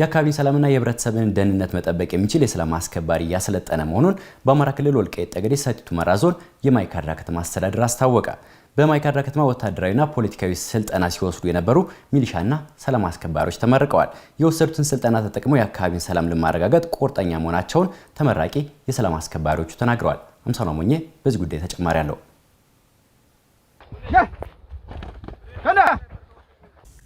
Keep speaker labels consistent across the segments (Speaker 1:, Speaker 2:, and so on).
Speaker 1: የአካባቢ ሰላምና የህብረተሰብን ደህንነት መጠበቅ የሚችል የሰላም አስከባሪ እያሰለጠነ መሆኑን በአማራ ክልል ወልቃይት ጠገዴ ሰቲት ሁመራ ዞን የማይካድራ ከተማ አስተዳደር አስታወቀ። በማይካድራ ከተማ ወታደራዊና ፖለቲካዊ ስልጠና ሲወስዱ የነበሩ ሚሊሻና ሰላም አስከባሪዎች ተመርቀዋል። የወሰዱትን ስልጠና ተጠቅመው የአካባቢን ሰላም ለማረጋገጥ ቁርጠኛ መሆናቸውን ተመራቂ የሰላም አስከባሪዎቹ ተናግረዋል። አምሳኗ ሞኜ በዚህ ጉዳይ ተጨማሪ አለው።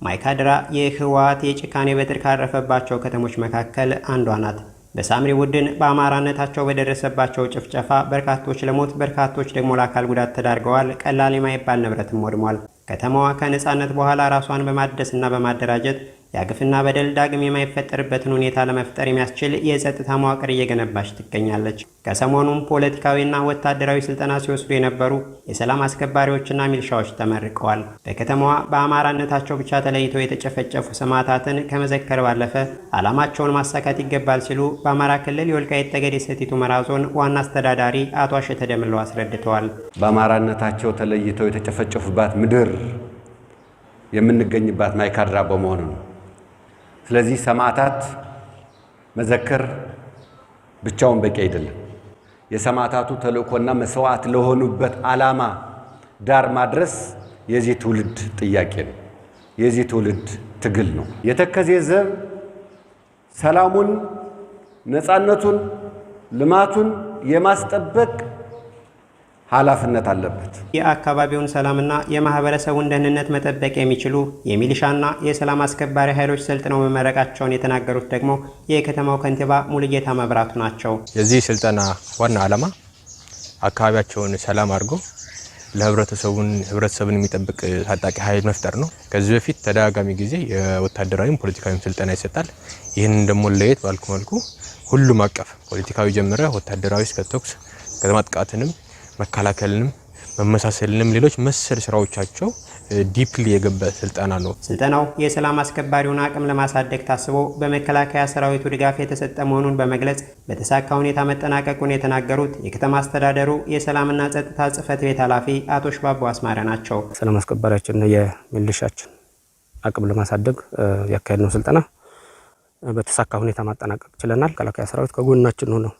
Speaker 2: ማይካድራ የህወሓት የጭካኔ በትር ካረፈባቸው ከተሞች መካከል አንዷ ናት። በሳምሪ ቡድን በአማራነታቸው በደረሰባቸው ጭፍጨፋ በርካቶች ለሞት በርካቶች ደግሞ ለአካል ጉዳት ተዳርገዋል። ቀላል የማይባል ንብረትም ወድሟል። ከተማዋ ከነፃነት በኋላ ራሷን በማደስና በማደራጀት ያግፍና በደል ዳግም የማይፈጠርበትን ሁኔታ ለመፍጠር የሚያስችል የጸጥታ መዋቅር እየገነባች ትገኛለች። ከሰሞኑም ፖለቲካዊና ወታደራዊ ስልጠና ሲወስዱ የነበሩ የሰላም አስከባሪዎችና ሚልሻዎች ተመርቀዋል። በከተማዋ በአማራነታቸው ብቻ ተለይተው የተጨፈጨፉ ሰማዕታትን ከመዘከር ባለፈ ዓላማቸውን ማሳካት ይገባል ሲሉ በአማራ ክልል የወልቃይት ጠገዴ ሰቲት ሁመራ ዞን ዋና አስተዳዳሪ አቶ አሸተ ደምለው አስረድተዋል።
Speaker 3: በአማራነታቸው ተለይተው የተጨፈጨፉባት ምድር የምንገኝባት ማይካድራ በመሆኑ ነው። ስለዚህ ሰማዕታት መዘከር ብቻውን በቂ አይደለም። የሰማዕታቱ ተልእኮና መስዋዕት ለሆኑበት ዓላማ ዳር ማድረስ የዚህ ትውልድ ጥያቄ ነው። የዚህ ትውልድ ትግል ነው። የተከዜ ዘብ ሰላሙን፣ ነፃነቱን፣ ልማቱን የማስጠበቅ ኃላፊነት አለበት።
Speaker 1: የአካባቢውን ሰላምና የማህበረሰቡን ደህንነት መጠበቅ የሚችሉ የሚሊሻና የሰላም አስከባሪ ኃይሎች ሰልጥነው መመረቃቸውን የተናገሩት ደግሞ የከተማው ከንቲባ ሙሉጌታ መብራቱ ናቸው።
Speaker 4: የዚህ ስልጠና ዋና ዓላማ አካባቢያቸውን ሰላም አድርጎ ለህብረተሰቡን ህብረተሰቡን የሚጠብቅ ታጣቂ ኃይል መፍጠር ነው። ከዚህ በፊት ተደጋጋሚ ጊዜ የወታደራዊም ፖለቲካዊም ስልጠና ይሰጣል። ይህንን ደግሞ ለየት ባልኩ መልኩ ሁሉም አቀፍ ፖለቲካዊ ጀምረ ወታደራዊ እስከ ተኩስ ጥቃትንም መከላከልንም መመሳሰልንም ሌሎች መሰል ስራዎቻቸው ዲፕሊ የገባ ስልጠና ነው።
Speaker 1: ስልጠናው የሰላም አስከባሪውን አቅም ለማሳደግ ታስቦ በመከላከያ ሰራዊቱ ድጋፍ የተሰጠ መሆኑን በመግለጽ በተሳካ ሁኔታ መጠናቀቁን የተናገሩት የከተማ አስተዳደሩ የሰላምና ጸጥታ ጽህፈት ቤት ኃላፊ አቶ ሽባቦ አስማረ ናቸው።
Speaker 5: ሰላም አስከባሪያችን የሚልሻችን አቅም ለማሳደግ ነው ስልጠና በተሳካ ሁኔታ ማጠናቀቅ ችለናል። መከላከያ ሰራዊት ከጎናችን ሆነው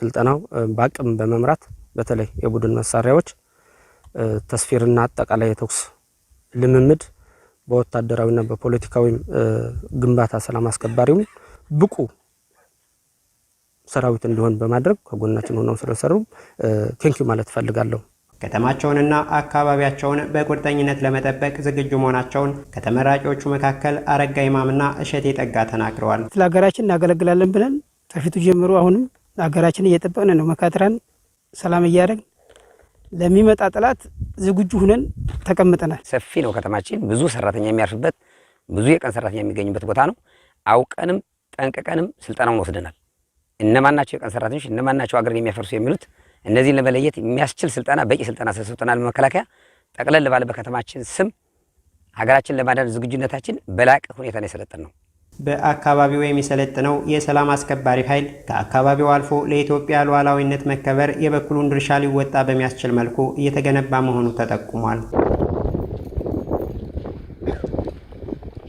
Speaker 5: ስልጠናው በአቅም በመምራት በተለይ የቡድን መሳሪያዎች ተስፊርና አጠቃላይ የተኩስ ልምምድ በወታደራዊና በፖለቲካዊ ግንባታ ሰላም አስከባሪውም ብቁ ሰራዊት እንዲሆን በማድረግ ከጎናችን ሆነው ስለሰሩ ቴንኪ ማለት እፈልጋለሁ።
Speaker 1: ከተማቸውንና አካባቢያቸውን በቁርጠኝነት ለመጠበቅ ዝግጁ መሆናቸውን ከተመራቂዎቹ መካከል አረጋ ይማምና እሸቴ ጠጋ ተናግረዋል።
Speaker 6: ስለ ሀገራችን እናገለግላለን ብለን ከፊቱ ጀምሮ አሁንም ሀገራችን እየጠበቅን ነው መካትራን ሰላም እያደረግ ለሚመጣ ጠላት ዝግጁ ሁነን ተቀምጠናል።
Speaker 7: ሰፊ ነው ከተማችን፣ ብዙ ሰራተኛ የሚያርፍበት ብዙ የቀን ሰራተኛ የሚገኝበት ቦታ ነው። አውቀንም ጠንቅቀንም ስልጠናውን ወስደናል። እነማን ናቸው የቀን ሰራተኞች፣ እነማን ናቸው ሀገርን የሚያፈርሱ የሚሉት እነዚህን ለመለየት የሚያስችል ስልጠና በቂ ስልጠና ሰሰብተናል። መከላከያ ጠቅለል ባለ በከተማችን ስም ሀገራችን ለማዳን ዝግጁነታችን በላቀ ሁኔታ ነው የሰለጠን ነው።
Speaker 1: በአካባቢው የሚሰለጥነው የሰላም አስከባሪ ኃይል ከአካባቢው አልፎ ለኢትዮጵያ ሉዓላዊነት መከበር የበኩሉን ድርሻ ሊወጣ በሚያስችል መልኩ እየተገነባ መሆኑ ተጠቁሟል።